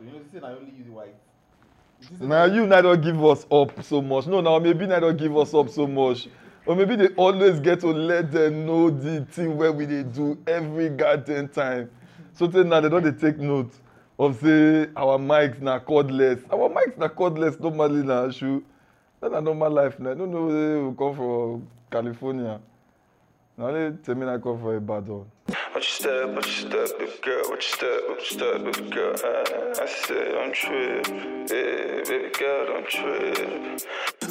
now You know, say na only you white. na you na don give us up so much no na maybe na don give us up so much or maybe dey always get to let dem know the thing wey we dey do every garden time so tey now dem don dey take note of say our mics na cordless our mics na cordless normally na shoe that na normal life na i no know where we come from california na only temi na come from ibadan Watch your step, watch your step, baby girl. Watch your step, watch your step, baby girl. I, I said, I'm trip. Yeah, baby girl, I'm trip.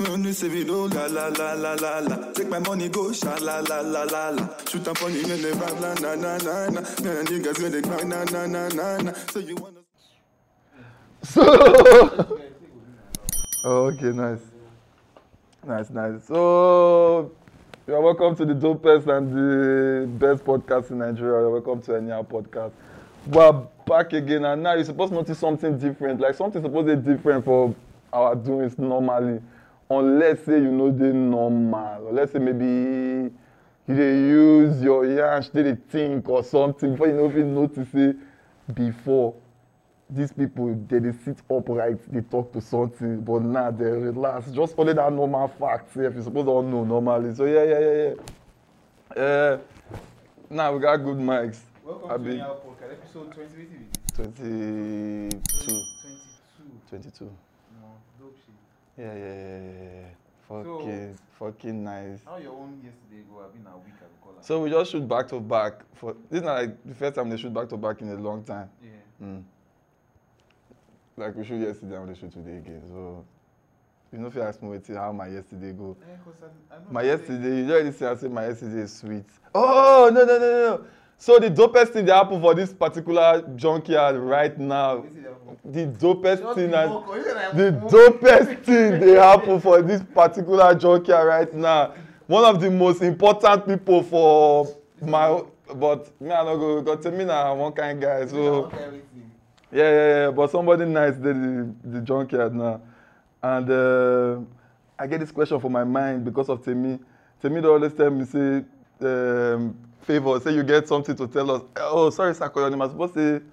Money say we do la la la la la la. Take my money go sha la la la la la. Shoot up on you in the la na na na na. Now niggas with the na na na na na. So you wanna. So. oh, okay, nice, nice, nice. So. You are welcome to the dopest and the best podcast in Nigeria. You're welcome to any podcast. We are back again, and now you supposed to notice something different. Like something supposed to be different for our doings normally, unless say you know the normal, or let's say maybe you dey use your yansh dey dey think or something before you no fit notice it before these people they dey sit upright dey talk to something but now they relax just only that normal fact sef you suppose don know normally so yeah yeah yeah yeah uh, now nah, we got good mics welcome Abi. to yahoo podcast episode twenty twenty-two twenty-two yeah yeah yeah yeah yeah. fucking so, fucking nice. how your own yesterday go abi na week i go call am. so we just shoot back to back for this na like the first time they shoot back to back in a long time. Yeah. Mm like we showed yesterday and we show today again. So you know if you ask me wetin how my yesterday go. Yeah, my yesterday you don already see I say my yesterday sweet. Oh no no no no. So the dopest thing that happen for this particular junkyard right now, the dopest thing that the dopest thing dey happen for this particular junkyard right now. One of the most important people for my but me I no go because Temina na one kind guy so. Yeah, yeah, yeah. But somebody nice did the, the junkyard now. And uh, I get this question for my mind because of Temi. Temi they always tell me, say, um, favor, say you get something to tell us. Oh, sorry, sir, call your name. I'm supposed to say,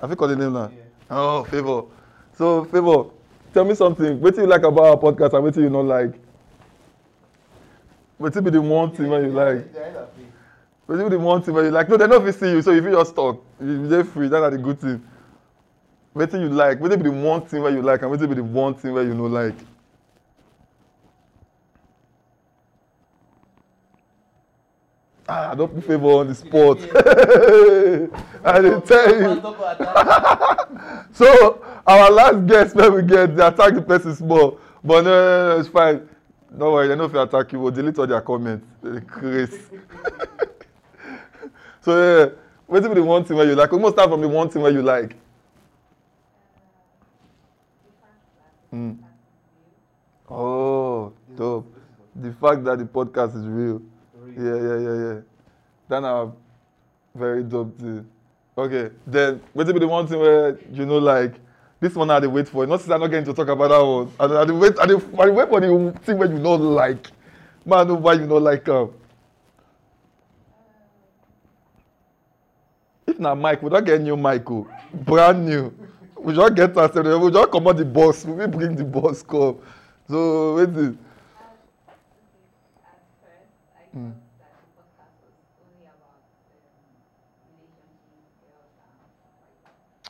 have you called the name now? Yeah. Oh, favor. So, favor, tell me something. What do you like about our podcast and what do you not like? What be the one thing yeah, you yeah, like? Yeah, what be the one thing you like? No, they're not see you, so if you just talk, you're free. That's the good thing wetin you like wetin be the one thing wey you like and wetin be the one thing wey you no like. ah i don put favour on the spot i dey tell you so our last guest wey we get dey attack the person small but no no no it's fine no worry dem no fit attack you we we'll delete all their comments dey craze so yeah, wetin be the one thing wey you like we must start from the one thing wey you like. Mm. Oh, dope. The fact that the podcast is real. Yeah, yeah, yeah, yeah. Then I'm very dope too. Okay, then wait till the one thing where you know like this one I had to wait for. Not since I'm not getting to talk about that one. I had to wait I dey I dey wait for the thing where you no like. Man, why you no like Um, if not, Mike, we don get new Michael, oh? brand new we just get ourselves we just comot the bus we bring the bus come so wetin. Hmm.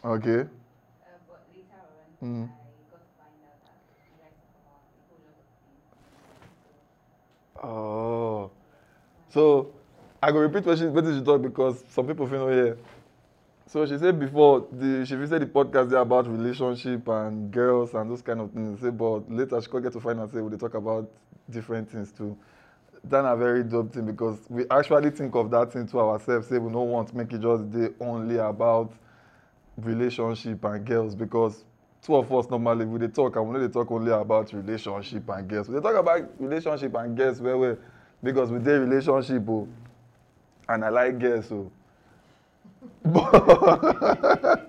Okay. Uh, mm. Oh. So I go repeat what she, what she talk because some people feel no oh, here. Yeah. So she said before, the, she visited the podcast there about relationship and girls and those kind of things. Say, but later she could get to find out, say, we talk about different things too. That's a very dope thing because we actually think of that thing to ourselves, say, we don't want to make it just day only about relationship and girls because two of us normally we dey talk and we no dey talk only about relationship and girls we talk about relationship and girls well well because we dey relationship oh, and i like girls oh. But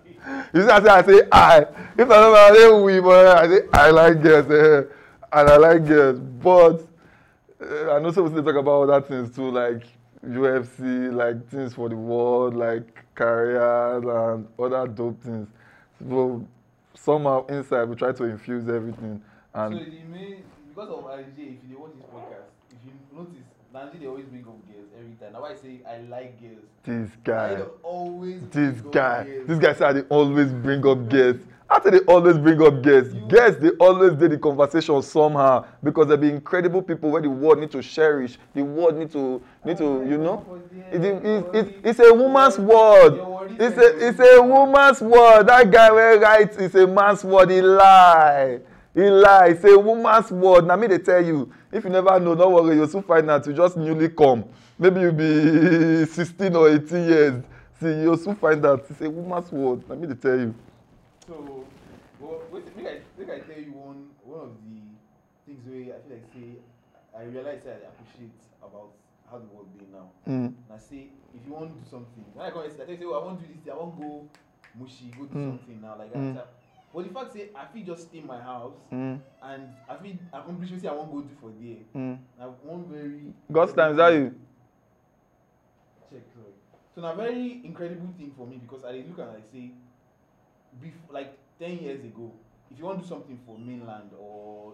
you see, I say, I say, I. If I never say we, but I say, I like girls, eh, and I like girls. But uh, I know some people talk about other things too, like UFC, like things for the world, like careers and other dope things. So somehow inside, we try to infuse everything. And so you mean because of IJ, if you dey watch this podcast, if you notice Nanji dey always bring up girls every time. Na why I say I like girls. This guy. I always this guy. Girls. This guy say I dey always bring up girls. After they always bring up girls, you... girls they always did the conversation somehow because they be incredible people where the world need to cherish, the world need to need to you know. It's it's it's a woman's word. It's a it's a woman's word. That guy wey write is a man's word. He lie e lie say woman's word na me dey tell you if you never know no worry you soon find out you just newly come maybe you be sixteen or eighteen years see you soon find out say woman's word na me dey tell you. so well wait make i make i tell you one one of the things wey i feel like say i realize say i appreciate about how the world dey now. Mm. na say if you wan do something when i come yesterday i tell you say oh i wan do this thing i wan go mushi go do mm. something now like that. Mm but the fact say i fit just stay my house. Mm. and i fit accomplish wetin i wan go do for there. Mm. na one very. God time is you. check sorry so na very incredible thing for me because i dey look am like say before like ten years ago if you wan do something for mainland or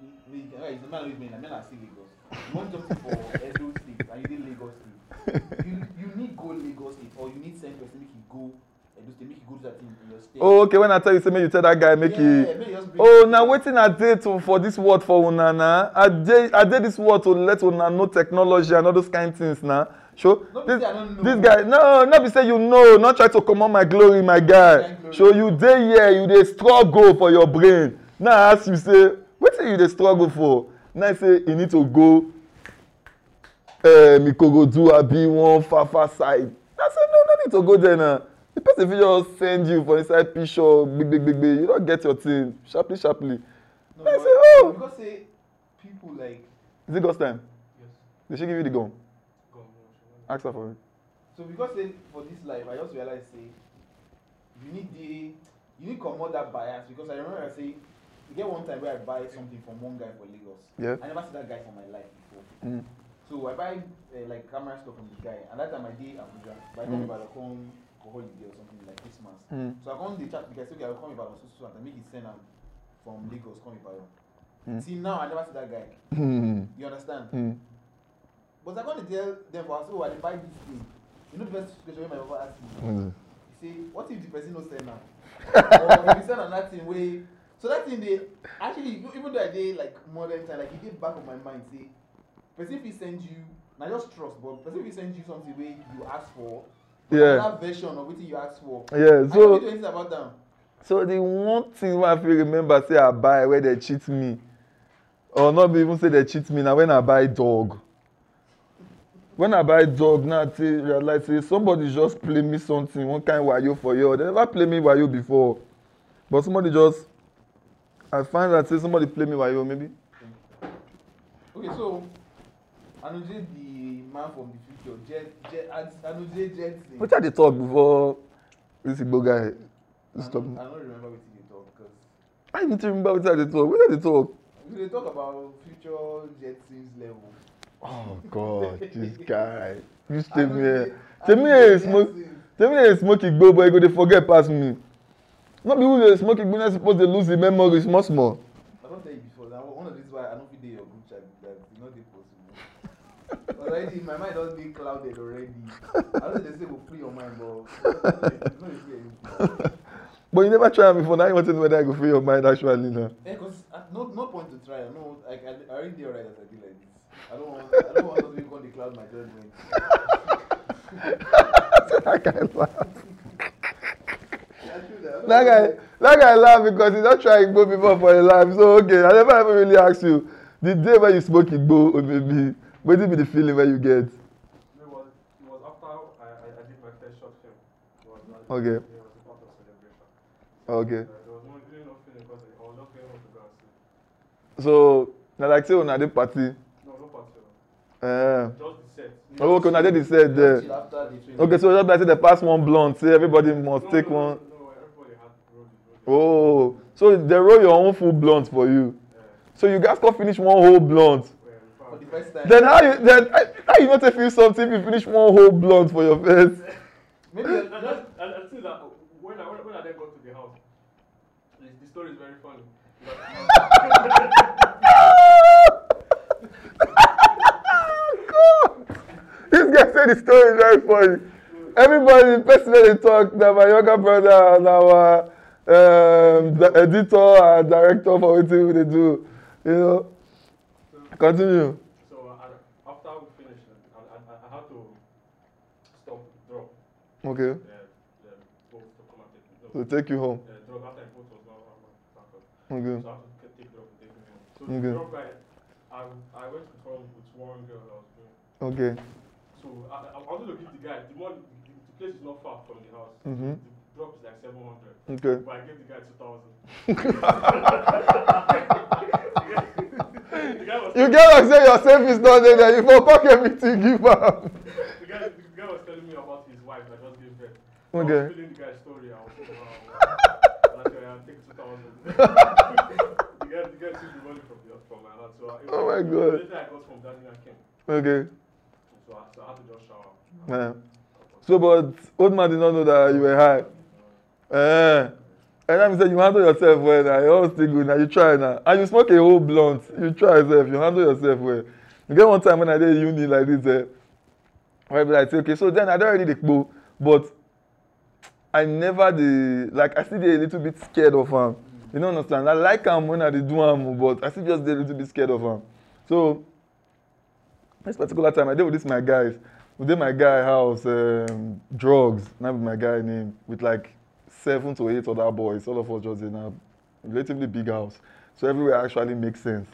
right, it's not always mainland mainland still lagos you wan do something for edo state and you dey lagos state you you need go lagos state or you need send person make he go oh okay when i tell you say make you tell that guy make yeah, he make oh now waiting a day to for this word for una na i dey i this word to let una know technology and all those kind of things Now, show this, this guy no not be say you know Not try to comot my glory my guy glory. show you day here you dey struggle for your brain now i ask you say what wetin you dey struggle for now i say you need to go um, eh, ikorodu abi one far far side i say no no need to go there now the person fit just send you for inside picture gbegbegbegbe you don get your thing sharply sharply no, i say oh because say people like. is it god's time yes. did she give you the gun gun ask her for it. so because say for this life i just realize say you need the you need comot that bias because i remember i say e get one time wey i buy something from one guy for lagos yeah. i never see that guy for my life before. Mm. so i buy uh, like camera stuff from the guy and that time i dey abuja by the time mm. i come alcohol in there or something like Christmas. Mm. So I come dey chat with the guy say okay I go come Ibadan so so and I make he send am from Lagos come Ibadan. Mm. Till now I never see that guy. Hmm. You understand? Mm. But I come dey tell them for house oh I dey buy this thing. You know the best situation wey my papa ask me. Mm. He say what if the person no send am? or if he send another thing wey so that thing dey actually even though I dey like modern time like e dey back of my mind say person fit send you na just trust but person fit send you something wey you ask for yeah. version of wetin you ask for. Yeah, so, I don't know anything about them. So the one thing wey I fit remember say I buy wey dey cheat me or not be even say dey cheat me na when I buy dog. When I buy dog now I take realize say somebody just play me something one kind wayo for here they never play me wayo before but somebody just I find out say somebody play me wayo maybe. Okay so Anuje the man from the future. Jet, jet, Anuje Jetson. Which are they talk before this Igbo guy stop me? I don't remember what they talk because. I need to remember what they talk. What are they talk? They talk about future Jetson's level. Oh God, this guy. You stay here. Tell me a smoke. Tell me a smoke Igbo boy go dey forget pass me. No be who dey smoke Igbo na suppose dey lose the memory small small. already my mind don dey clouded already i know they say go free your mind but it's no dey free anything. but you never try am before now you want to know whether i go free your mind actually na. Yeah, uh, no no point to try no I, i, I already dey alright as i be like this i don't want i don't want something come dey cloud my judgement. that guy laugh that guy that guy laugh because he don try igbo before for him life so okay i never even really ask you the day when you smoke igbo omebi. Oh, What be the feeling where you get? It was, it was after I, I, I did my first short film. was, okay. It was a part of celebration. Okay. Uh, there was no really no feeling because I was just going home to go So, na like say una dey party. No, no party. Uh, just the set. Oh, okay, una dey the set there. Uh, okay, so just like say they pass one blunt, say everybody must no, take no, one. No, no, everybody had to roll the roll. Oh, so they roll your own full blunt for you. Yeah. So you guys come finish one whole blunt. first time. Then how you then how you not feel something if you finish one whole blunt for your face? Maybe I, I just I, that when I when, I then got to the house, the, the story is very funny. oh, God. This guy said the story is very funny. Everybody, personally talk that my younger brother and our um, editor and director for everything they do. You know, continue. stop, drop. Okay. Uh, eh, eh, the to come and take No, take you home. Uh, drop after the boat was not on Okay. So I had to take drop and take me home. So okay. the drop guy, I, I went to prom with one girl I was doing. Okay. So I, I wanted to give the guy the one. The, the place is not far from the house. Mm-hmm. The drop is like seven hundred. Okay. But I gave the guy two thousand. you get what I'm saying? Your savings not there. You for pocket me give up. Okay. Um oh my God. Okay. So Yeah. So, but old man did not know that you were high. No. Eh. And then he said, you handle yourself well now. You're all still good now. You try now. And you smoke a whole blunt. You try yourself. You handle yourself well. You get one time when I did uni like this, eh, where be like, okay, so then I don't really the kpo, but i never dey like i still dey a little bit scared of am you no understand i like am when i dey do am but i still just dey a little bit scared of am so this particular time i dey with this my guys we dey my guy house um, drugs na be my guy name with like seven to eight other boys all of us just dey na relatively big house so everywhere actually make sense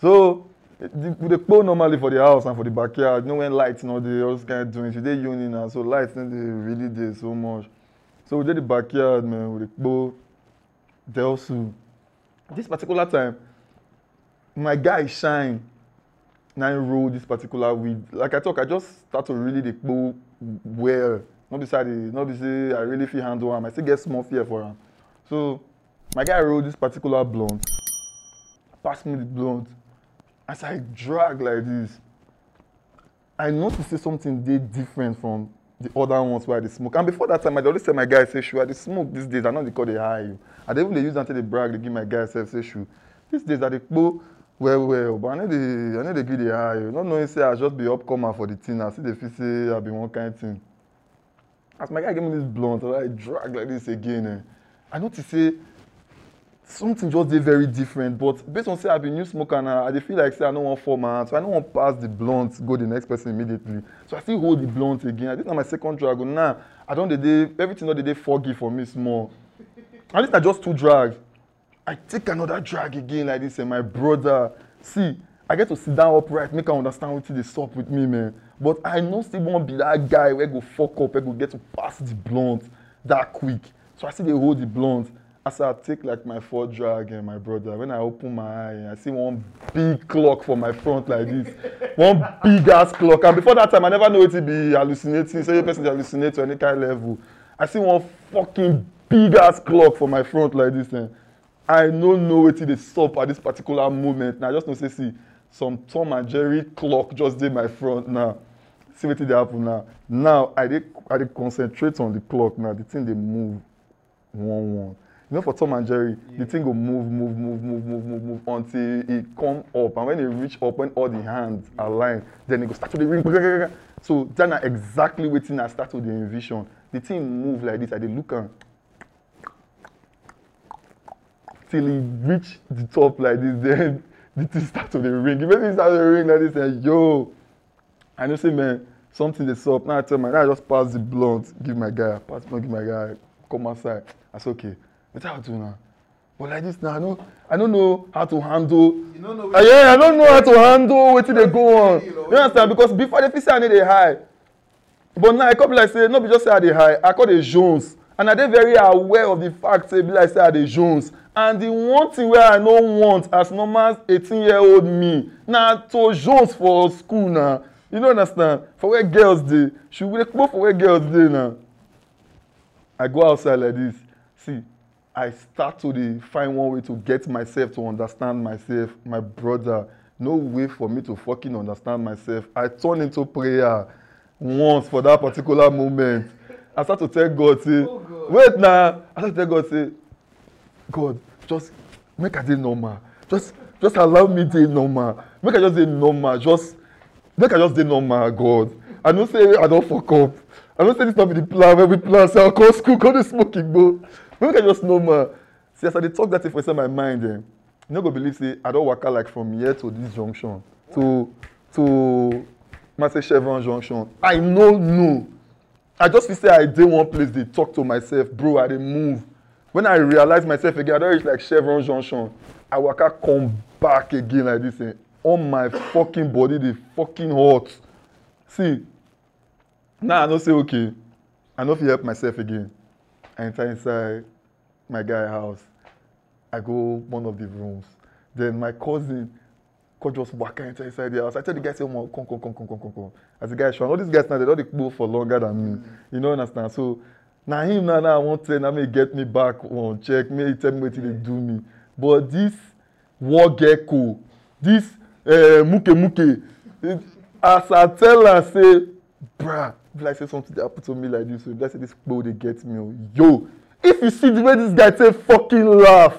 so the, we dey kpo normally for the house and for the backyard you know when light no dey all those kind of doings you dey uni na so light no dey really dey so much So we did the backyard, man, with the bow, Delsu. This particular time, my guy Shine, now roll this particular weed. Like I talk, I just start to really the bow well. Not beside the, not be say I really feel handle him. I still get small fear for him. So my guy rolled this particular blunt, passed me the blunt. As I drag like this, I noticed something did different from the other ones where they smoke and before that time i dey always tell my guy say sure i dey smoke these days i no dey call dey high you. i dey even dey use am take dey brag dey give my guy sef say sure these days i dey kpo well well but i no dey i no dey gree dey high you. not knowing say i just be upcomer for the thing i still dey feel say i be one kind thing as my guy give me this blunt i drag like this again eh i notice say something just dey very different but based on say i be new smoker now i dey feel like say i no wan fall my hand so i no wan pass the blunt go the next person immediately so i still hold the blunt again this na my second drag o now i don dey dey everything don dey dey foggy for me small and this na just two drag i take another drag again like this eh my brother see i get to sit down upright make i understand wetin dey sup with me man but i no still wan be that guy wey go fok up wey go get to pass the blunt that quick so i still dey hold the blunt as I take like my fourth drag and my brother, when I open my eye, I see one big clock for my front like this. one big ass clock. And before that time, I never know it to be hallucinating. Say so person hallucinate to any kind of level. I see one fucking big ass clock for my front like this. And eh. I no know what it is at this particular moment. And I just know say, see, some Tom and Jerry clock just did my front now. See what it happen now. Now I did I did concentrate on the clock now. The thing they move one one. You know, for Tom and Jerry, yeah. the thing go move, move, move, move, move, move, move until it come up. And when it reach up, when all the hands align, then it go start to the ring. So that na exactly wetin I start to dey envision. The thing move like this. I dey look am till e reach the top like this. Then the thing start to dey ring. If anything start to dey ring like this, then yo, I know say man, something dey sup. Now I tell my, now I just pass the blunt, give my guy, pass blunt, give my guy, come outside. I say okay wetin i do now but like this now i no i no know how to handle you know, no, uh, eh, yeah, i no know how to handle wetin dey go on you understand because before dey fit say i no dey high but now i come be like say no be just say i dey high i come dey jones and i dey very aware of the fact say be like say i dey jones and the one thing wey i no want as normal eighteen year old me na to jones for school na you no understand for where girls dey she dey go for where girls dey na i go outside like this see I start to find one way to get myself to understand myself, my brother. No way for me to fucking understand myself. I turn into prayer once for that particular moment. I start to tell God, say, oh God. wait now. I start to tell God, say, God, just make I dey normal. Just just allow me dey normal. Make I just dey normal. Just make I just dey normal, God. I know say I don fuck up. I know say this no be the plan. When we plan, say so I call school, call the smoking, bro we can just know more see as i dey talk that thing for inside my mind eh you no go believe say i don waka like from here to this junction to to marseille chevron junction i no know i just feel say i dey one place dey talk to myself bro i dey move when i realize myself again i don reach like chevron junction i waka come back again like this eh all my fucking body dey fucking hot see now i know say okay i no fit help myself again I enter inside my guy house. I go one of the rooms. Then my cousin come just waka enter inside the house. I tell the guy say, "Omo, come, come, come, come, come, come, come." As the guy show, all these guys now they don dey kpo for longer than me. You know understand? So na him now now I wan tell na me get me back on check me? he tell me wetin dey do me. But this war gecko, this uh, muke muke, eh, as I tell am say, "Bruh." if like say something dey happen to me like this o that's say this kpo dey get me o oh, yo if you see the way this guy take fucking laugh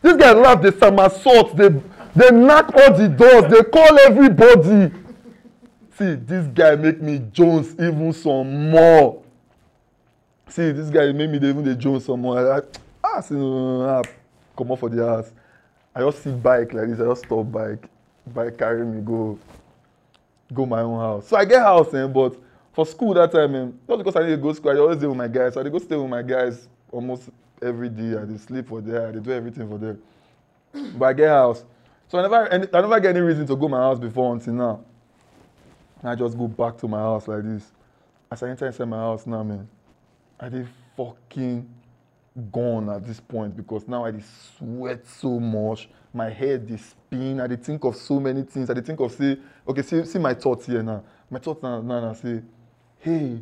this guy laugh dey somersault dey dey knack all the doors dey call everybody see this guy make me jones even some more see this guy make me dey even dey jones some more i ah see no no no ah comot for the house i just see bike like this i just stop bike bike carry me go go my own house so i get house eh but for school that time, um, not because I need to go school, I always stay with my guys. So I dey go stay with my guys almost every day. I dey sleep for there, I dey do everything for there. But I get house. So I never, any, I never get any reason to go my house before until now. And I just go back to my house like this. As I enter inside my house now, man, I dey fucking gone at this point because now I dey sweat so much. My head dey spin. I dey think of so many things. I dey think of say, okay, see, see my thoughts here now. My thoughts now, now, now say, hey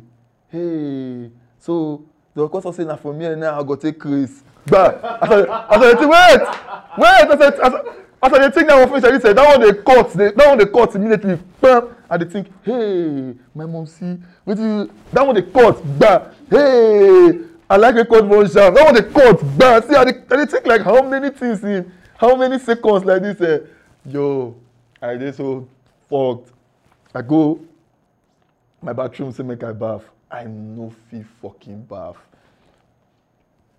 hey so the doctor say na from here now i go take grace gba as i dey think wait wait as i as, as i dey think that one finish i read say that one dey cut dey that one dey cut immediately Bam, i dey think hey my mom see wetin that one dey cut gba hey i like record one sharp that one dey cut gba see i dey i dey think like how many things in how many seconds like this eh yo i dey so fucked i go my bathroom say make i baff i no fit fucking baff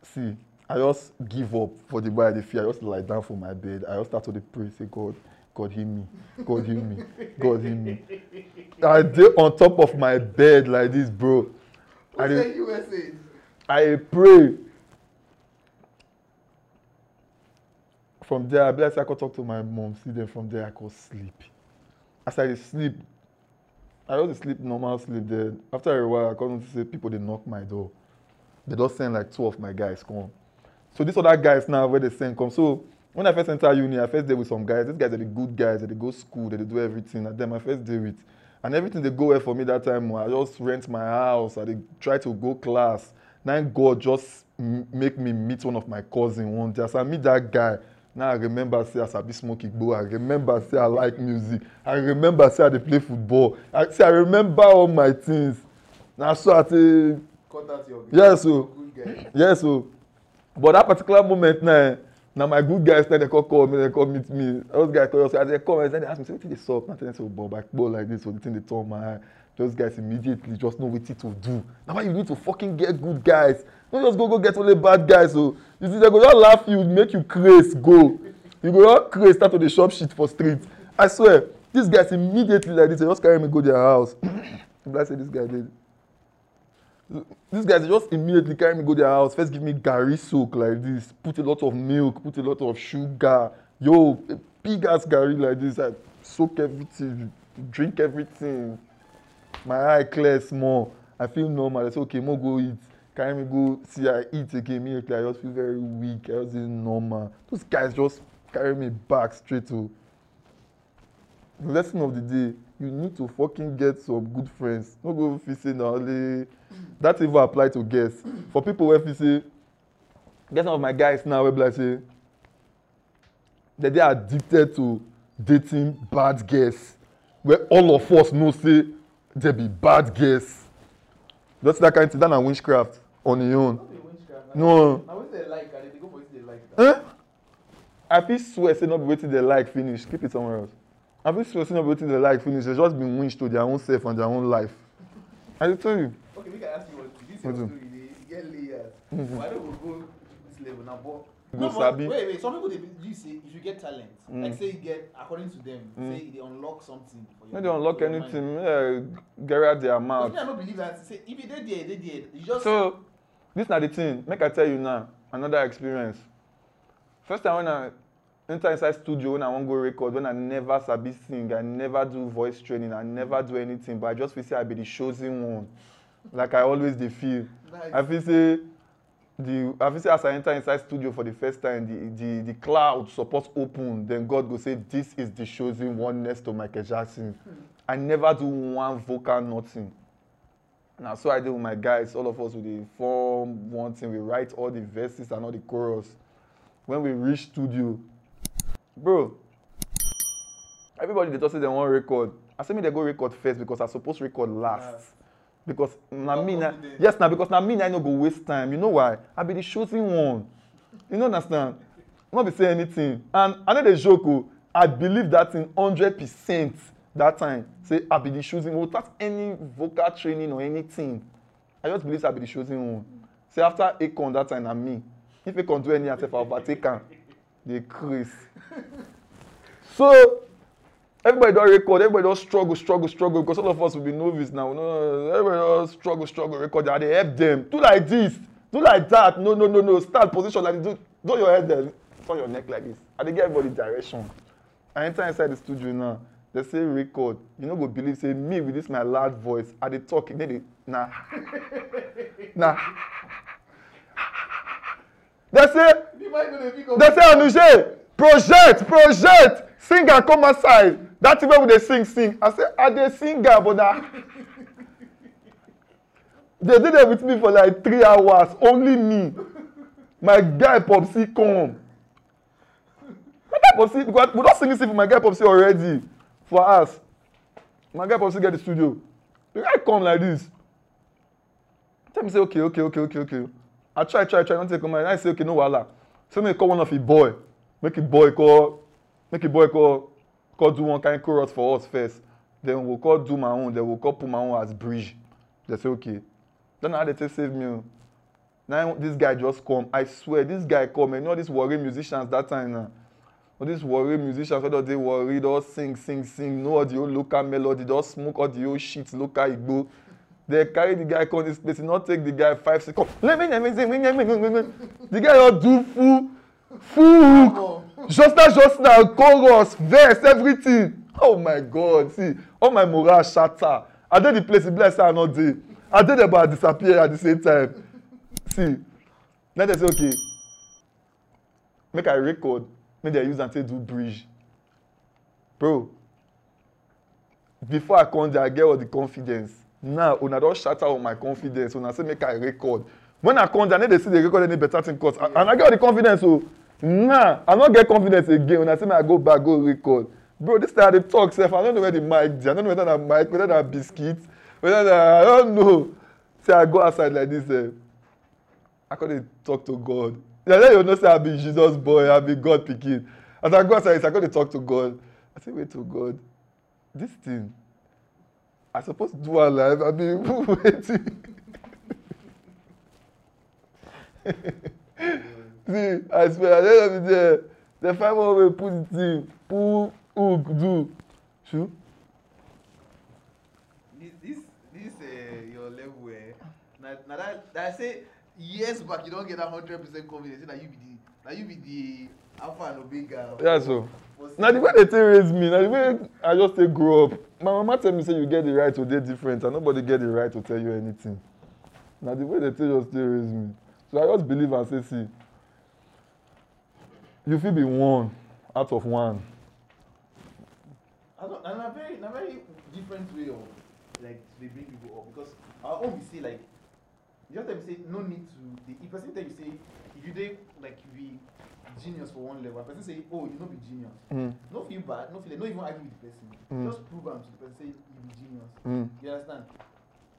see i just give up for the way i dey feel i just lie down for my bed i just start to dey pray say god god heal me god heal me god heal me i dey on top of my bed like this bro Who i dey i dey pray from there i be like say i go talk to my mom see them from there i go sleep as i dey sleep I just sleep normal sleep Then After a while, I come to say people they knock my door. They just send like two of my guys come. So these other guys now where they send come. So when I first enter uni, I first day with some guys. These guys are the good guys. They go school. They do everything. And them I first day with, and everything they go well for me that time. Oh. I just rent my house. I they try to go class. Thank God just make me meet one of my cousin one day. As I meet that guy. Now I remember say as I be smoke igbo. I remember say I like music. I remember say I dey play football. I say I remember all my things. Na so I take. Yes o. Yes o. But that particular moment na na my good guys na dey call call me dey call meet me. Those guys call us as dey come Then dey ask me say wetin dey sup. Na tell them say o oh, bob I kpo like this o oh, the thing dey turn my eye those guys immediately just know wetin to do na why you need to fucking get good guys no just go go get only bad guys o oh. you see dem go just laugh you make you craze go you go just craze start to dey chop shit for street i swear these guys immediately like this they just carry me go their house be like say this guy dey these guys they just immediately carry me go their house first give me garri soak like this put a lot of milk put a lot of sugar yo big ass garri like this i soak everything drink everything my eye clear small i feel normal i say okay mo go eat carry me go see i eat again immediately i just feel very weak i just dey normal those guys just carry me back straight o the lesson of the day you need to fokin get some good friends no go feel say na only mm. that even apply to girls for people wey feel say get some of my guys now wey be like say dem dey addicted to dating bad girls wey all of us know say there be bad girls just that kind thing that na witchcraft on im own no. na wetin dem like i dey go for wetin dem like. Eh? i fit swear say no be wetin dem like finish keep it somewhere else i fit swear say no be wetin dem like finish They just been winch to their own self and their own life i dey tell you. okay make i ask you one thing this your story dey get layers but i no go go this level na but go sabi. wait wait some people dey believe say if you get talent. Mm. like say you get according to them. Mm. say e dey unlock something. for your no dey unlock anything make uh, get their mouth. but me i no believe that say if you dey there dey there you just. so this na the thing make i tell you now another experience first time when i enter inside studio when i wan go record when i never sabi sing i never do voice training i never do anything but i just feel say i be the chosen one like i always dey feel nice. i feel say the after as i enter inside studio for the first time the the the cloud suppose open then god go say this is the chosen one next to michael jackson mm. i never do one vocal nothing na so i dey with my guys all of us we dey form one thing we write all the verses and all the chorus when we reach studio bro everybody dey talk say dem wan record i say make dem go record first because i suppose record last. last because na me na yes na because na me na i no go waste time you know why i be the chosen one you no understand no be say anything and i no dey joke o oh, i believe that thing hundred percent that time say i be the chosen one without any vocal training or anything i just believe say i be the chosen one say after akon that time na me if akon do any herself i overtake am dey craze so everybody don record everybody don struggle struggle struggle because all of us will be novice now no everybody don struggle struggle record and i dey help them. do like this do like that no no no no Start position like this do do your head there turn your neck like this i dey get everybody direction i enter inside the studio now dey say record you no go believe say me with this my loud voice i dey talk e dey dey na na dey say dey say onuse project project singer come outside that thing wey we dey sing sing i say i dey sing am but na they dey there with me for like three hours only me my guy popsi come my guy popsi because we don sing this thing for my guy popsi already for us my guy popsi get the studio the guy come like this tell me say okay okay okay okay okay i try try try nothing come my and i say okay no wahala so make he call one of him boy make him boy call make a boy call call do one kind chorus for us first then we we'll call do my own then we we'll call put my own as bridge they say okay then how they take save me o na this guy just come i swear this guy come and you know these worry musicians that time na all these worry musicians wey don dey worry don sing sing sing know all the old local melody don smoke all the old shit local igbo they carry the guy come this place he no take the guy five seconds the guy don do full full hook just now just now chorus verse everything oh my god see all my morale shatter i dey the place e be i not dey i dey about disappear at the same time see now they say okay make a record make dem use and say do bridge bro before i come there i get all the confidence now una don shatter all my confidence una say make a record when i come there i no dey see the record any better thing cause and i get all the confidence So, oh nah i no get confidence again when I say may i go back go record bro this time i talk sef i don't know where the mic dey i don't know whether that mic whether that biscuit whether that i don't know say i go outside like this eh i couldn't talk to god Yeah, then you know say i be jesus boy i be god picking. as i go outside i couldn't talk to god i say wait to oh god this thing i supposed to do alive. live i be waiting. see i swear at the end of the day dem find one way put the thing pull hook do. sure. This, this, this uh, your level eh na na that na say years back you don get that hundred percent confidence say na you be the na you be the alpha and omega. Yeah, so. na the way they thing raise me na the way i just take grow up my mama tell me say you get the right to dey different and nobody get the right to tell you anything na the way they thing just dey raise me so i just believe am say see you fit be one out of one. and na very na very different way of like to dey bring people up because our own be say like you just tell me say no need to dey if person tell you say if you dey like you be genius for one level and person say oh you no be genius mm. no feel bad no feel like no even argue with the person mm. just prove am to the person say you be genius mm. you understand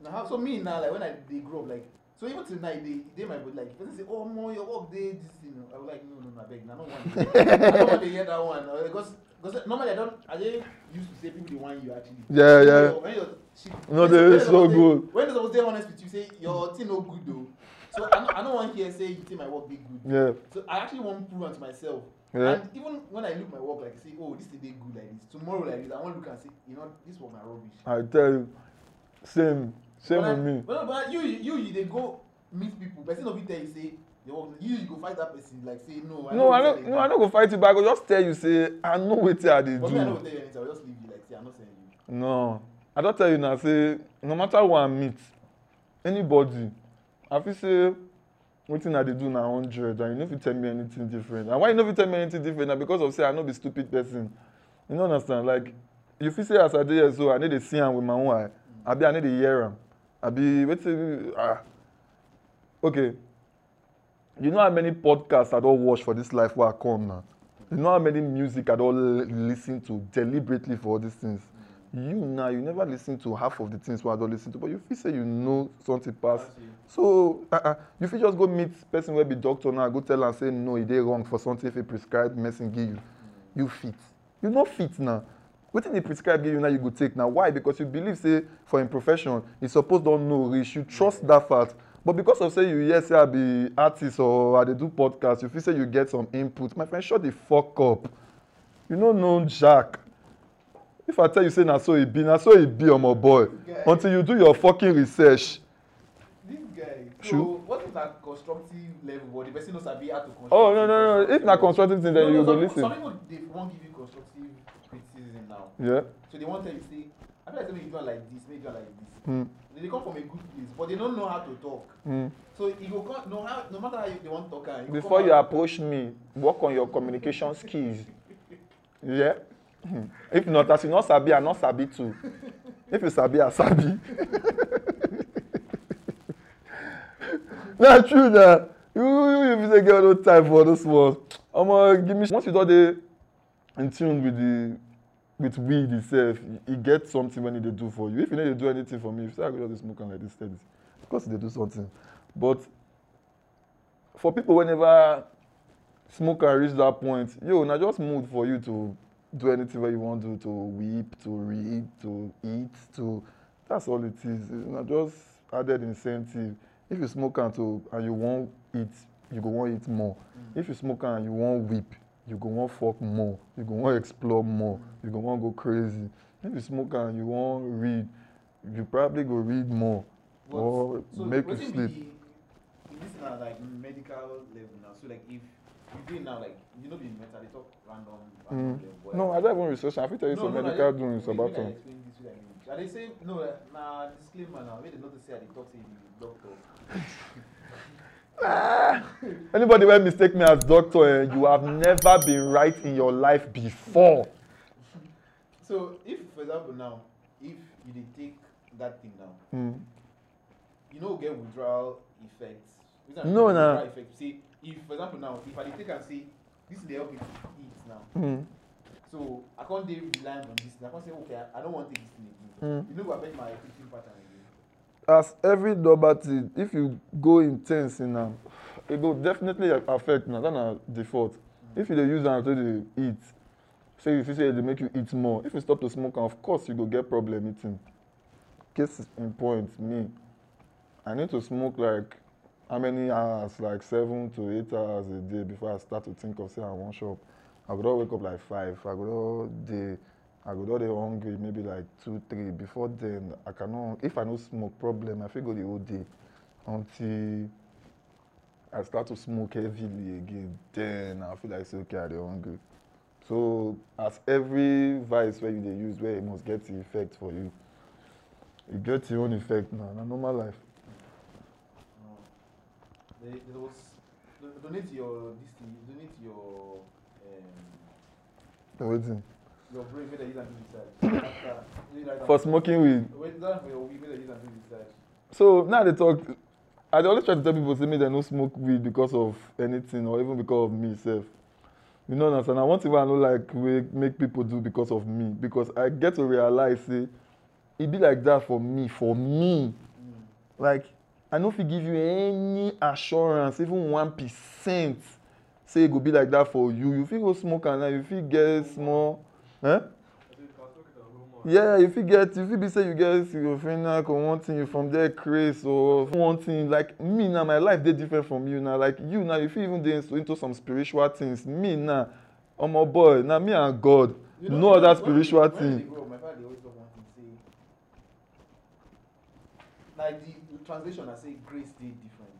na how so me na like when i dey grow up like So even tonight, they they might be like, person say, "Oh, mo, your work day this thing I was like, "No, no, no, I beg, no, I don't want. I don't want to hear that one because uh, because normally I don't. I just used to say people they want you actually. Yeah, yeah. When when you're, she, no, they when so good. Say, when they supposed to honest with you, say your thing no good though. So I, no, I don't want to hear say you think my work be good. Yeah. So I actually want prove to myself. Yeah. And even when I look my work like say, oh, this day good like this. Tomorrow like this, I want to look and say, you know, this was my rubbish. I tell you, same same with me but no but you you you dey go meet people person no fit tell you say you you go fight that person like say no i no i no no i no go fight you But i go just tell you say i know wetin i dey do but me i no go tell you anything i go just leave you like say i no send you. no i don tell you na say no matter who i meet anybody i feel say wetin i dey do na hundred and you no fit tell me anything different and why you no fit tell me anything different na because of say i no be stupid person you no understand like you fit say as i dey here so i no dey see am with my own eye abi i no dey hear am abi wetin ah okay you know how many podcasts i don watch for this life wey i come na you know how many music i don lis ten to deliberately for all these things you na you never lis ten to half of the things wey i don lis ten to but you feel say you know something pass so uh -uh, you fit just go meet person wey be doctor now go tell am say no e dey wrong for something if he prescribe medicine give you you fit you no fit na wetin dey prescribe give you now you go take na why because you believe say for im profession e suppose don know reach you trust that fact but because of say you hear say i be artist or i dey do podcast you feel say you get some input my friend sure dey fok up you no know jack if i tell you say na so e be na so e be omo boy until you do your fokin research. this guy so Should? what if na constructive level but the person no sabi how to construct. oh no no no if na constructive thing then no, you no, go lis ten. some people dey wan give you constructive now. Yeah. So they want to tell you, say, I feel like make you do like this, make you do like this. Mm. They, come from a good place, but they don't know how to talk. Mm. So you go come, no, how, no matter how you, they want to talk. Ah, you Before you approach me, work on your communication skills. yeah. Hmm. if not, as you not sabi, I not sabi too. if you sabi, I sabi. na true na you you you fit get no time for those ones omo give me once you don dey in tune with the with weed itself e get something wey e dey do for you if you no dey do anything for me if say i go just dey smoke am like this steady of course e dey do something but for people wey never smoke am reach that point yo na just mood for you to do anything wey you wan do to weep to read to eat to that's all it is na just added incentive if you smoke am to and you wan eat you go wan eat more mm. if you smoke am and you wan weep you go wan fuck more you go wan explore more you go wan go crazy if you smoke am you wan read you probably go read more what? or so make you sleep. Be, this na like medical level na so like if you dey now like you no be mental dey talk random mm. no i don't even research i fit tell you no, some no, medical no, doings about am. i dey say no na disclaimer na wey dem no dey say i dey talk say you be doctor. Ah. anybody wey mistake me as doctor eh, you have never been right in your life before. so if for example now if you dey take that thing now mm. you no know, get withdrawal effect no na effect say if for example now if i dey take am say this dey help me eat now mm. so i come dey relying on this thing i come say okay i, I no wan take this thing again mm. you no know, go affect my eating pattern again as every double thing if you go intense in am e go definitely affect na that na default if you dey use am to dey eat say you feel say e dey make you eat more if you stop to smoke am of course you go get problem eating case in point me i need to smoke like how many hours like seven to eight hours a day before i start to think of say i wan chop i go don wake up like five i go don dey I go don dey hungry maybe like two, three. Before then, I cannot. If I no smoke, problem. I fit go the whole day until I start to smoke heavily again. Then I feel like say okay, I dey hungry. So as every vice wey you dey use, where e must get the effect for you. E get your own effect now. Na normal life. There, there was donate your this thing. Donate your. Um, wetin your brain make dem use am do research. for smoking weed. so now they talk i always try to tell people say me they no smoke weed because of anything or even because of me self. you know na so na one thing wey i no like wey make people do because of me because i get to realize say it e be like that for me for me mm. like i no fit give you any assurance even one percent say it e go be like that for you you fit go smoke and now you fit get small Eh? yeah you get if you be say you get schizophrenic or one thing you from there craze or one thing like me now, my life they different from you now, like you now. If you even dey into, into some spiritual things me now, I'm a boy now. me and god you know, no other spiritual when, thing. When go, my father always talk one thing say na the translation I say grace they different.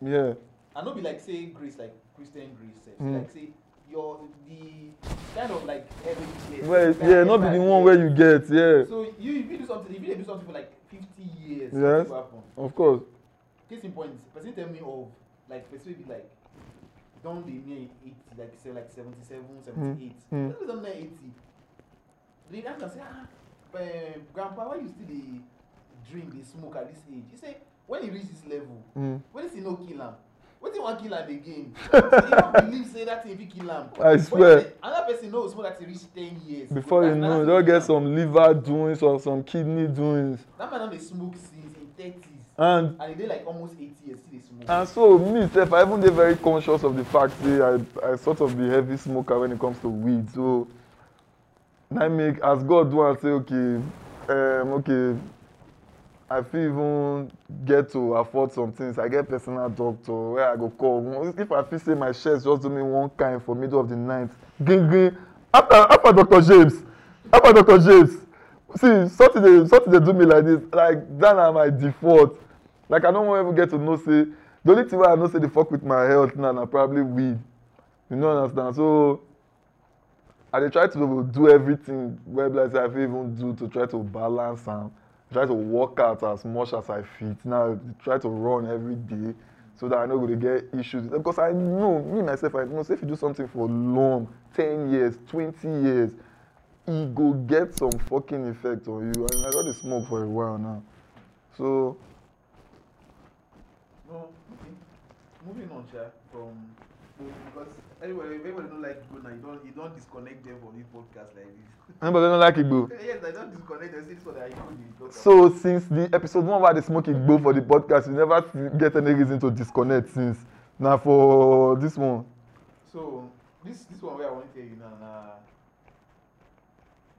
yeah. I no be like say grace like christian grace mm. like say your the kind of like every place. Well, yeah, not be the one where you get, yeah. So you if you do something, if you dey do something for like fifty years, yes, of course. Case in point, person tell me of like person be like don dey near eighty like say like seventy-seven hmm, seventy-eight mm. don near eighty the doctor say ah uh, grandpa why you still dey drink dey smoke at this age he say when he reach this level mm. wetin still no kill am wetin wan kill am again so you no believe say that thing fit kill am i swear when another person no smoke that thing reach ten years before you know you don get some liver doings or some kidney doings that man don dey smoke since him thirties and and e dey like almost eighty years still dey smoke and so me sef i even dey very conscious of the fact say i i sort of be heavy smoker when it comes to weed so na make as god do am say okay um, okay i fit even get to afford some things i get personal doctor wey i go call if i feel say my chest just do me one kind for middle of the night gringrin after after dr james after dr james see something dey something dey do me like this like that na my default like i no wan even get to know say the only thing wey i know say dey fok with my health now na probably weed you no understand so i dey try to do everything wey be like say i fit even do to try to balance am try to work out as much as I fit now try to run every day so that I no go dey get issues because I know me myself I know say if you do something for long ten years twenty years e go get some fucking effect on you I mean I don dey smoke for a while now so. No, okay. moving on sha from because Everybody, everybody don't like Igbo now. You don't, you don't disconnect them from this podcast like this. Anybody don't like Igbo? yes, I don't disconnect them. Since what I Igbo So since the episode one where they smoke Igbo for the podcast, you never get any reason to disconnect since. Now for this one. So this this one where I want to tell you now, na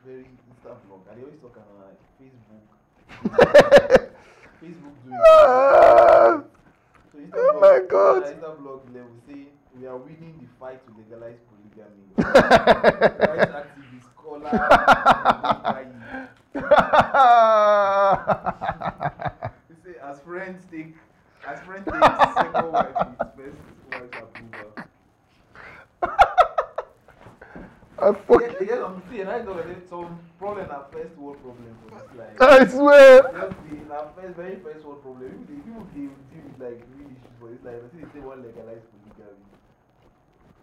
very Insta blog. I dey always talk on like Facebook. Facebook doing. Ah! so Insta oh blog, my God. Insta blog level say. we are winning the fight to legalize polygamy. Rights activist scholar. you say as friends take as friends take second wife with first wife approval. I fucking yes, I'm seeing. I know got some problem. Our first world problem for this life. I swear. Just the our first, very first world problem. People, people deal with like real issues for this life. I see they say one legalized polygamy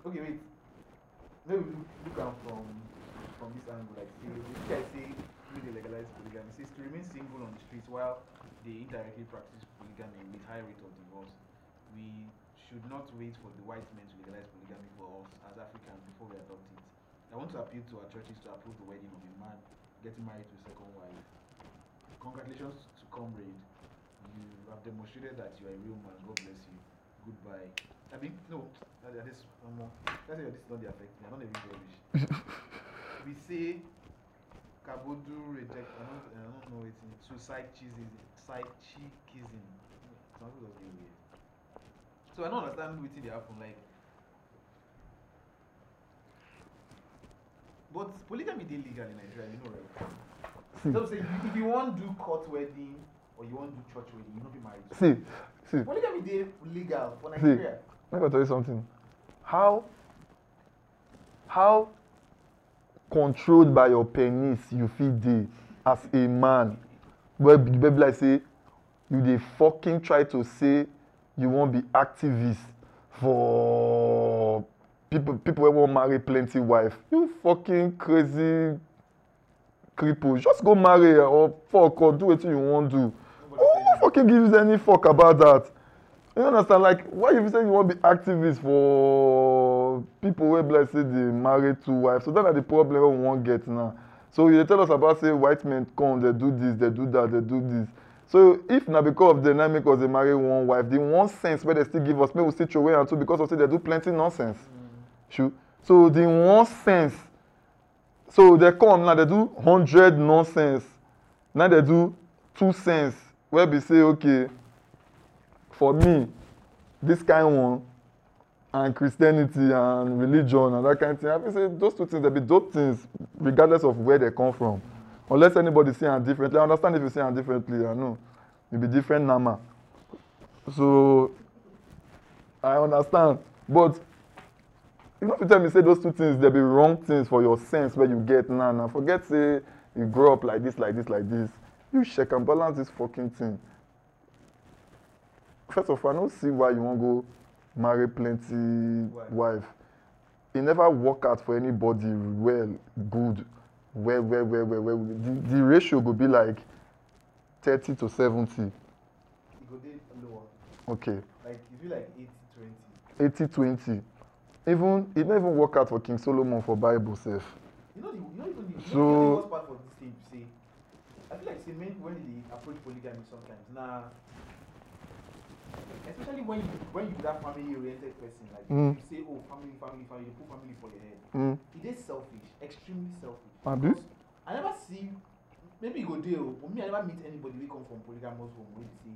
okay, wait. Maybe look, look at from from this angle. Like, see, this guy say really legalize polygamy. It says to remain single on the streets while they indirectly practice polygamy with high rate of divorce. We should not wait for the white men to legalize polygamy for us as Africans before we adopt it. I want to appeal to our churches to approve the wedding of a man getting married to a second wife. Congratulations to comrade. You have demonstrated that you are a real man. God bless you. Goodbye. I mean, no, no they are just normal. That's why this is not the affect me. I don't even rubbish. we say kabodu reject. I don't, I don't know it. Suicide cheesy, psychism. Some people just weird. So I don't understand wetin dey happen like. But polygamy is illegal in Nigeria, you know, right? so say if you want to do court wedding or you want to do church wedding, you no be married. See, see. Polygamy is legal for Nigeria. See. Let me tell you something. How how controlled by your penis you fit dey as a man wey be be like say you dey fokin try to say you wan be activist for people people wey wan marry plenty wife you fokin crazy cripple just go marry or fuck or do wetin you wan do who fokin gives any fuck about that you understand like why you say you wan be activist for people wey be like say dey marry two wives so that na the problem wey we wan get now so you dey tell us about say white men come dey do this dey do that dey do this so if na because of dem na make us dey marry one wife the one sense wey dem still give us make we still throway am too because of say dem do plenty nonsense mm. sure so the one sense so dem come now dem do hundred nonsense now dem do two sense wey be say okay for me this kind one and christianity and religion and that kind of thing i feel say those two things dey be dope things regardless of where they come from unless anybody see am differently i understand if you see am differently i know you be different nama so i understand but you no fit tell me say those two things dey be wrong things for your sense wey you get now na forget say you grow up like this like this like this you check and balance this fokin thing first of all i don't see why you wan go marry plenty wife. wife e never work out for anybody well good well well well well well the the ratio go be like 30 to 70. e go dey lower. okay. like e be like 80-20. 80-20. even it e never even work out for king solomon for bible sef. you know the you know even the you know the worst part of this thing be say i feel like see men when they approach polygamy sometimes Nah especially when you when you be that family oriented person like mm. you say oh family family family you put family for your head mm. e dey selfish extremely selfish abi i never see maybe e go dey o but me i never meet anybody wey come from polygamous home wey be say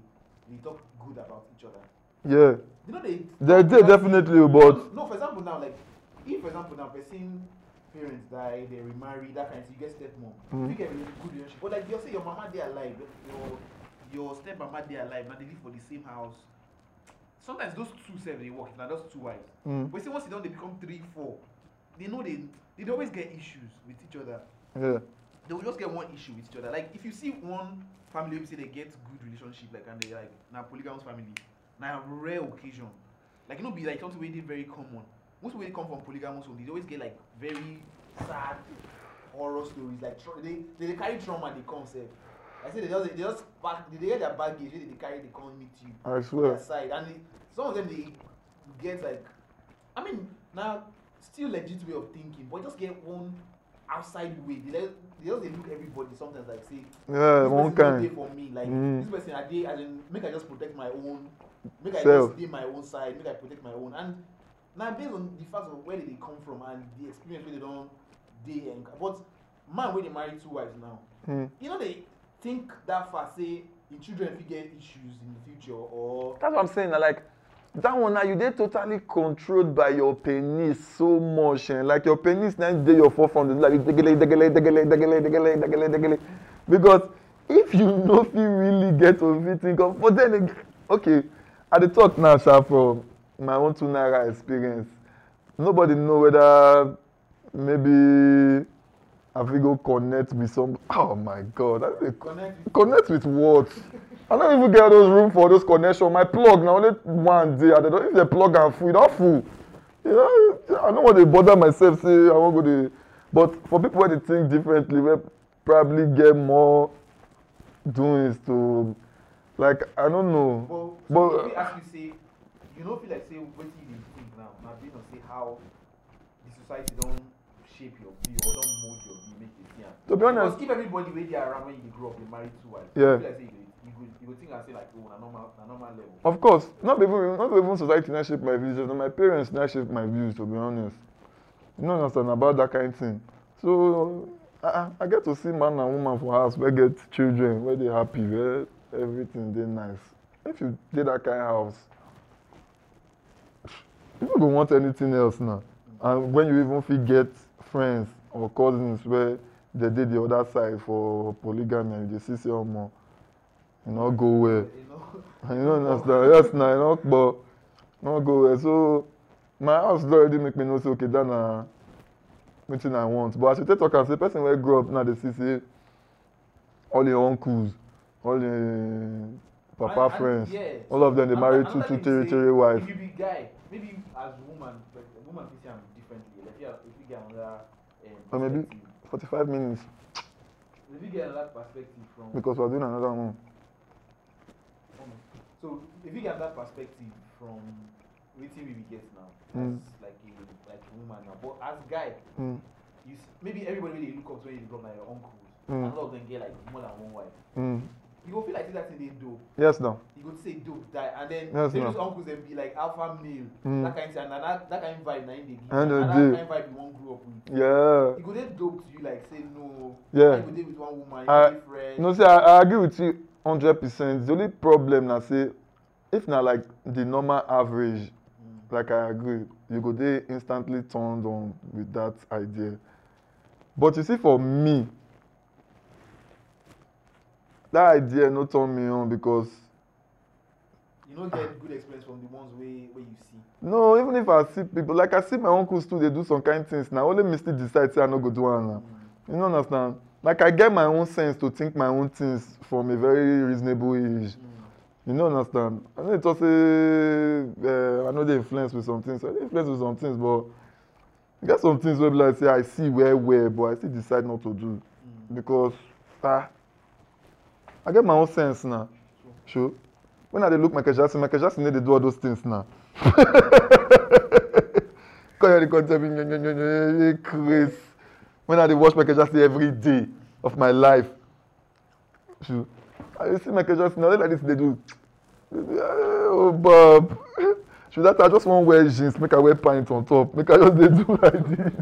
dey talk good about each other yeah You know they. they dey definitely o but no for example now like if for example now person parents die they remarry that kind of thing you get step mom mm. you get good relationship but like you say your mama dey alive your your step mama dey alive na they live for the same house sometimes those two sef dey work if na just two wives mm. but you see once e don dey become three four they no dey they dey always get issues with each other yeah. they will just get one issue with each other like if you see one family wey be say they get good relationship like and they like na polygamous family na rare occasion like e no be like something wey dey very common most people wey come from polygamous home they always get like very sad horror stories like they they dey carry trauma dey come sef I say they just they just pack they, they get their baggage wey they dey carry dey come meet you. I swear. Their side and they, some of them dey get like I mean na still legit way of thinking but just get one outside way they like they just dey look everybody sometimes like say. Yeah, one kind. this person no dey for me like mm. this person I dey as in make I just protect my own make Self. I just dey my own side make I protect my own and na based on the fact of where they dey come from and the experience wey they don dey but man wey dey marry two wives now. Mm. you know they think that far say the children fit get issues in the future or. that's what i'm saying na like that one na you dey totally controlled by your penis so much eh like your penis na dey your forefront it's like degele degele degele degele degele degele degele because if you no fit really get everything come for then okay i dey talk now sha from my own two naira experience nobody know whether maybe I fit go connect with some. Oh my God! I dey connect. Connect with what? I no even get those room for those connection. My plug na only one day. I dey don if dey plug am full, e don full. You I no wan dey bother myself say I wan go dey. But for people wey dey think differently, wey probably get more doings to, like I no know. But, but let me ask you say, you no feel like say wetin you dey think now na based on say how the society don shape your view or don mold your view to be honest. because give everybody wey dey around when you grow up dey marry two wives. yeah. Like say, you go you think am say like oh na normal na normal level. of course not even not even society na shape my views na my parents na shape my views to be honest you no understand about that kind of thing so i i get to see man and woman for house wey get children wey dey happy wey everything dey nice if you dey that kind of house you no go want anything else now and when you even fit get friends or cousins wey they did the other side for polygamy and oh, you dey see say omo e no go well you know, understand yes na e no kpo no go well so my house already make me know say okay that na wetin i want but as you take talk am say person where grow up now The CC, all im uncles all im papa and, friends and, all of them they married two two three three wife. if you be guy maybe as woman but woman fit see am differently like if you get another. Um, maybe 45 minutes. Did you get a perspective from? Because we're doing another one. So if you get that perspective from wetin we be get now, mm. as like a like a woman now, but as guy, mm. you see, maybe everybody really look up to when you dey grow your uncles, mm. and a lot of them get like more than one wife. Mm you go feel like say that thing dey dope. yes na. No. you go say dope die and then yes, maybe no. those uncles dem be like alpha male. Mm. that kind thing and na that, that kind vibe na him dey give and that kind vibe you wan grow up with. yeah. e go dey dope to you like say no. yeah you go dey with one woman you go dey fresh. no see i i agree with you hundred percent the only problem na say if na like the normal average mm. like i agree you go dey instantly turned on with that idea but you see for me that idea no turn me on because. you no get good experience from the ones wey wey you see. no even if i see people like i see my uncles too dey do some kind things na only me still decide say i no go do am na mm. you no understand like i get my own sense to think my own things from a very reasonable age. Mm. You no understand. I know you talk say uh, I know dey influence with some things. I dey influence with some things, but e get some things wey be like say I see well well, but I still decide not to do mm. because ah I get my own sense now. Sure. When I look Michael Jackson, Michael Jackson need to do all those things now. Because you concept me, Chris. When I watch Michael Jackson every day of my life. Sure. you see Michael Jackson now, like this they do. Oh, Bob. Should that I just want wear jeans, make I wear pants on top, make I just they do like this.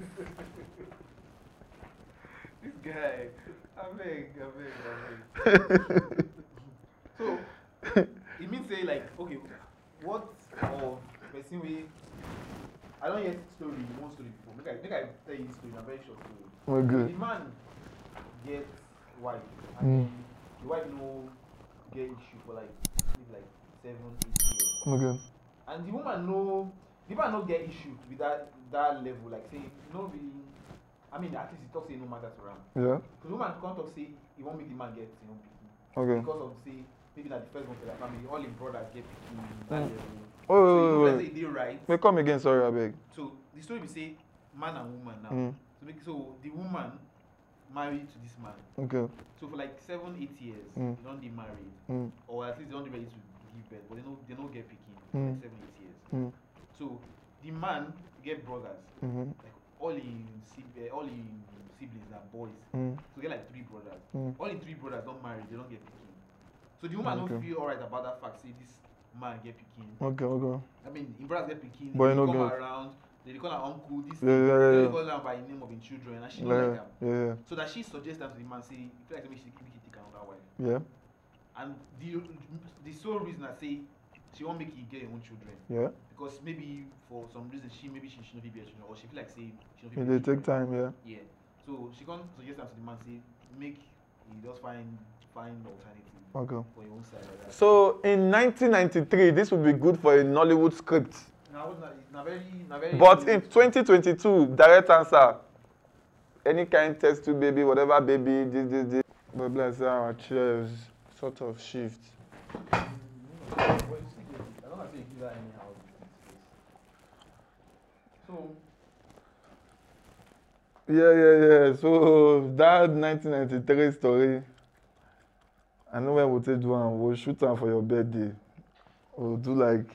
so e mean say like okay what or person wey i don hear story one story before make i make i tell you story na very short story. Oh, the man get wife and mm. the wife no get issue for like maybe like seven eight years. Okay. and the woman no the man no get issue to be that that level like say no be. Really, I mean, at least he talks say no matter to am. Yeah. Because woman can't talk say he won't make the man get you know, pikin. Okay. Because of say maybe that the first one for the family, all his brothers get pikin. Mm. Oh, wait, so wait, wait. Say dey right. Wait, come again, sorry, abeg. So the story we say man and woman now. Mm. So so the woman married to this man. Okay. So for like seven, eight years, mm. they don dey married, mm. or at least they don dey ready to give birth, but they no they no get picking Mm. Like seven, eight years. Mm. So the man get brothers. Mm -hmm. like all him siblings, all him siblings are boys. Mm. So get like three brothers. Mm. All him three brothers don't marry, they don't get pikin. So the woman okay. don't feel alright about that fact. Say this man get pikin. Okay, okay. I mean, him brothers get pikin. But they no come around. They call her uncle. This. Yeah, yeah, yeah. They call her by the name of him children, and she yeah, like him. Yeah, yeah. So that she suggests that to the man, say, you feel like maybe she make you take another wife. Yeah. And the the sole reason I say she won't make you get your own children. Yeah. Because maybe for some reason she maybe she shouldn't be a children or she feel like say she not be. They take time, yeah. Yeah. So she can't suggest that to the man say make you just find find alternative okay. for your own side. Like so in 1993, this would be good for a Nollywood script. but in 2022, direct answer. Any kind test to baby, whatever baby, this, this, this. Blah, blah, blah, our chairs sort of shift. figure anyhow so. Yeah, yeah, yeah. So that 1993 story, I know when we'll take one, we'll shoot them for your birthday. We'll do like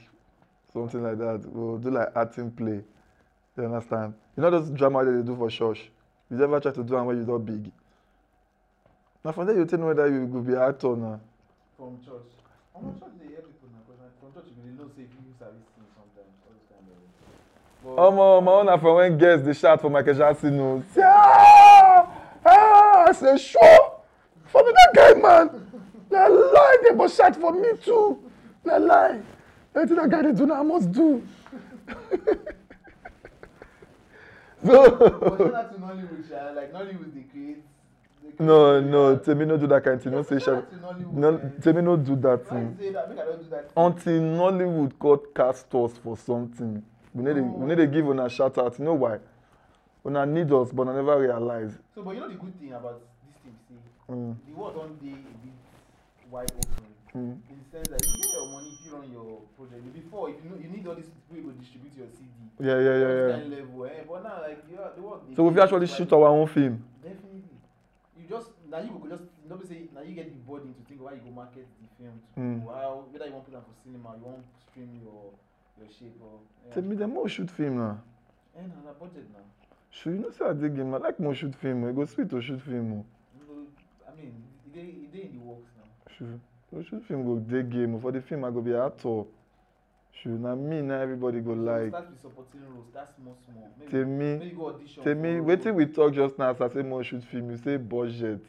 something like that. We'll do like acting play. You understand? You know those drama that they do for church? You never try to do one when you're not big. Now from there you tell me whether you will be an actor now. From church. How much church they Omo, my own from when guests they shout for my Kejansi no. Ah, ah, I say sure. For me that guy man, na lie they go shout for me too. Na lie. Anything that guy dey do na I must do. so. But shout out to Nollywood, like Nollywood dey create no no temi no do that kind thing no say sha no temi no do that thing until nollywood god cast us for something we no dey we no dey give una shout out you know why una need us but una never realize. so but you know the good thing about this thing say mm. the world don dey a bit wide open mm. in the sense that you get your money if you run your project before if you know you need all these people to distribute your cd. yeah yeah yeah yeah level, eh? but now like the world dey. so we fit actually shoot our own film now you go just nobody say now you get the burden to think why you go market the film to mm. how whether you wan put am for cinema you wan stream your your shape or. Yeah. tell me dem mo shoot film na. eh na na budget na. sure you know say i dey game i like mo shoot film o e go sweet to shoot film o. Oh. no i mean e dey e dey in the works now. sure to shoot film go dey game for the film i go be actor. Sure, na me na everybody go like. Start with supporting roles, that's small small. Maybe, Temi, maybe Temi, wetin we talk just now as I say more shoot film, you say budget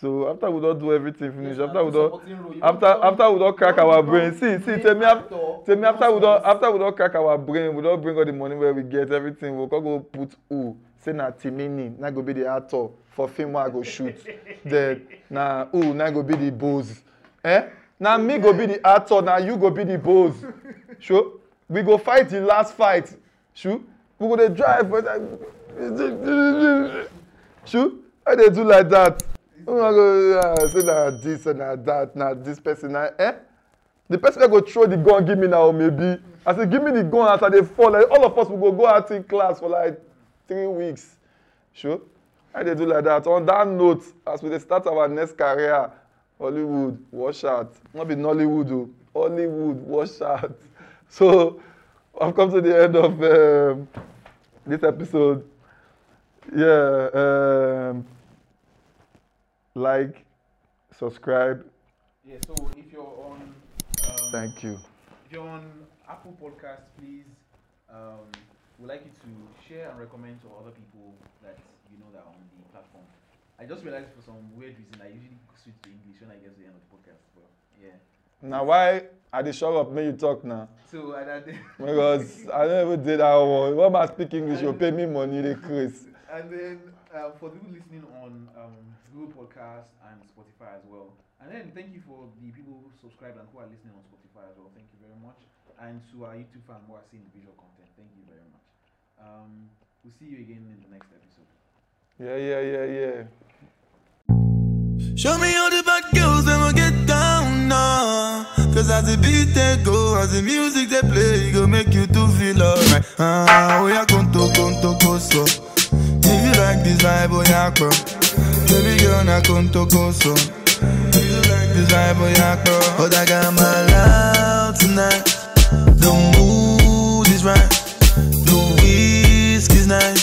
so after we don do everything finish yes, after we don after after we don crack our brain see see temi temi after we don after we don crack our brain we don bring all the money wey we get everything we come go put who say na timini na go be the actor for film wey i go shoot then na who na go be the boss eh na me go be the actor na you go be the boss sure we go fight the last fight sure we go dey drive but sure i dey do like that I'm not going to say that this and that, that, not this person. Now, eh? The person that go throw the gun, give me now, maybe. I say, give me the gun after they fall. Like, all of us will go, go out in class for like three weeks. Sure? How they do like that? On that note, as we start our next career, Hollywood, wash out. Not be Nollywood, though. Hollywood, wash out. So, I've come to the end of um, this episode. Yeah. Um, like, subscribe. Yeah, so if you're on. Um, Thank you. If you're on Apple Podcast, please, um, we'd like you to share and recommend to other people that you know that on the platform. I just realized for some weird reason I usually switch to English when I get to the end of the podcast, but yeah. Now why are they show up make you talk now? So I that Because I never did that one. Why am I speaking English? You pay me money, dey craze. And then uh, for people listening on um, Google Podcast and Spotify as well. And then thank you for the people who subscribed and who are listening on Spotify as well. Thank you very much. And to our YouTube fans who are seeing the visual content, thank you very much. Um, we'll see you again in the next episode. Yeah, yeah, yeah, yeah. Show me all the bad girls and we'll get down now. Cause as the beat they go, as the music they play, it go make you do feel alright. Ah, we are going to, going to, go so like this vibe, oh yeah, bro Baby girl, na conto coso like this vibe, oh yeah, bro Oh, I got my love tonight The mood is right The whiskey's nice